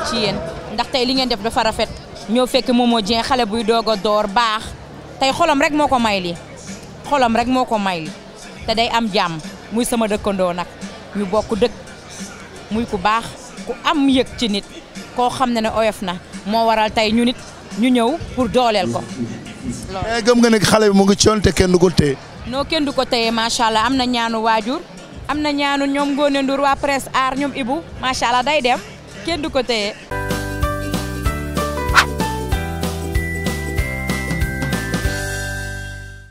kontaan ci yéen ndax tey li ngeen def dafa rafet ñoo fekk moo Dieng xale buy doog a door baax tey xolam rek moo ko may li xolam rek moo ko may lii te day am jàmm muy sama dëkkandoo nag ñu bokk dëkk muy ku baax ku am yëg ci nit koo xam ne ne oyof na moo waral tey ñu nit ñu ñëw pour dooleel ko. loolu eh, gëm nga ne xale bi mu ngi yoon te kenn du ko téye. non kenn du ko teye macha allah am na ñaanu waajur am na ñaanu ñoom Ngoné Ndour waa presse aar ñoom Ibou macha allah day dem. kenn du ko téye.